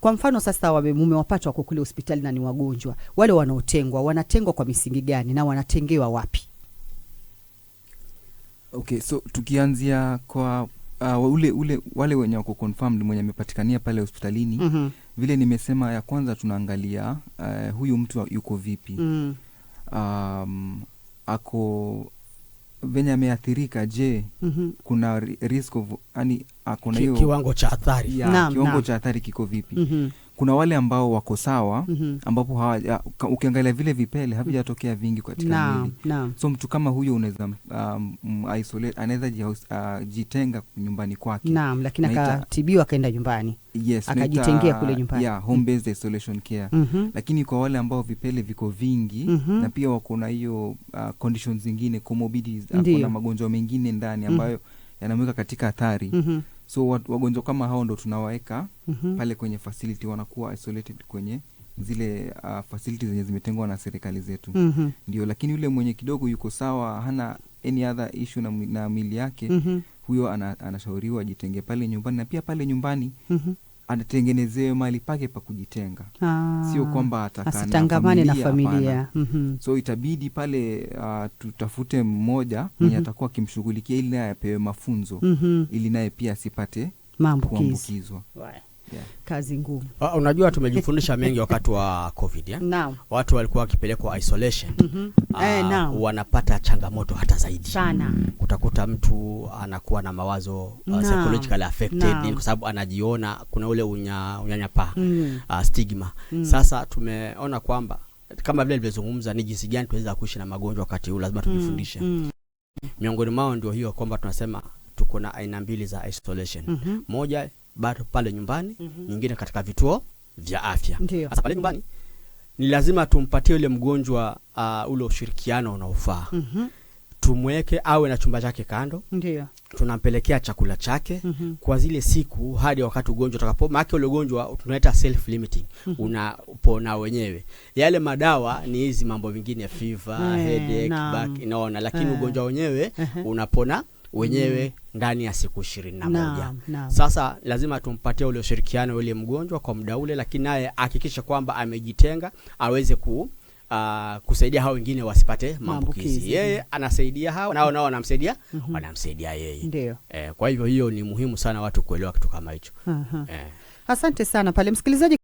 Kwa mfano sasa, mumewapata wako kule hospitali na ni wagonjwa, wale wanaotengwa wanatengwa kwa misingi gani na wanatengewa wapi? Okay, so tukianzia kwa uh, ule, ule wale wenye wako confirmed mwenye amepatikania pale hospitalini mm -hmm. Vile nimesema ya kwanza tunaangalia uh, huyu mtu yuko vipi? mm -hmm. Um, ako venye ameathirika, je, mm -hmm. kuna risk of yani, akuna ah, hiyo cha athari, kiwango cha athari kiko vipi? mm -hmm kuna wale ambao wako sawa mm -hmm. ambapo hawaja, ukiangalia vile vipele havijatokea vingi katika mwili no, So mtu kama huyo unaweza um, mm, isolate anaweza uh, jitenga nyumbani kwake, naam, lakini akatibiwa akaenda nyumbani yes, akajitengea kule nyumbani yeah, home mm. based isolation care mm -hmm. Lakini kwa wale ambao vipele viko vingi mm -hmm. na pia wako na hiyo uh, conditions zingine comorbidities, kuna magonjwa mengine ndani mm. ambayo mm -hmm. yanamweka katika hatari mm -hmm so wagonjwa kama hao ndo tunawaweka mm-hmm. pale kwenye facility wanakuwa isolated kwenye zile uh, facility zenye zimetengwa na serikali zetu mm-hmm. ndio lakini yule mwenye kidogo yuko sawa hana any other issue na, na mili yake mm-hmm. huyo ana, anashauriwa ajitenge pale nyumbani na pia pale nyumbani mm-hmm anatengenezewe mali pake pa kujitenga, ah, sio kwamba atatangamane na familia mm -hmm. So itabidi pale uh, tutafute mmoja mm -hmm. atakuwa akimshughulikia ili naye apewe mafunzo mm -hmm. ili naye pia asipate maambukizwa yeah. kazi ngumu. Uh, unajua tumejifundisha mengi wakati wa COVID ya? Naam. Watu walikuwa wakipelekwa isolation mm -hmm. uh, eh, ah, wanapata changamoto hata zaidi sana. Utakuta mtu anakuwa na mawazo uh, psychologically affected kwa sababu anajiona kuna ule unya, unyanyapaa mm. uh, stigma mm. Sasa tumeona kwamba kama vile nilivyozungumza ni jinsi gani tunaweza kuishi na magonjwa wakati huu, lazima mm. tujifundishe mm. mm. miongoni mwao ndio hiyo kwamba tunasema tuko na aina mbili za isolation mm -hmm. moja bado pale nyumbani mm -hmm. nyingine katika vituo vya afya. Sasa pale nyumbani ni lazima tumpatie yule mgonjwa uh, ule ushirikiano unaofaa mm -hmm. Tumweke awe na chumba chake kando, ndio tunampelekea chakula chake mm -hmm. kwa zile siku hadi wakati ugonjwa utakapo, maana ule ugonjwa tunaita self limiting mm -hmm. unapona wenyewe. Yale madawa ni hizi mambo vingine, fever, eh, headache, back, inaona, lakini eh. ugonjwa wenyewe unapona wenyewe mm. ndani ya siku ishirini na moja. Sasa lazima tumpatie ule ushirikiano ule mgonjwa kwa muda ule, lakini naye ahakikishe kwamba amejitenga aweze ku Uh, kusaidia hao wengine wasipate maambukizi. Yeye anasaidia hao nao nao wanamsaidia mm -hmm. wanamsaidia yeye eh, kwa hivyo hiyo ni muhimu sana watu kuelewa kitu kama hicho eh. Asante sana pale msikilizaji.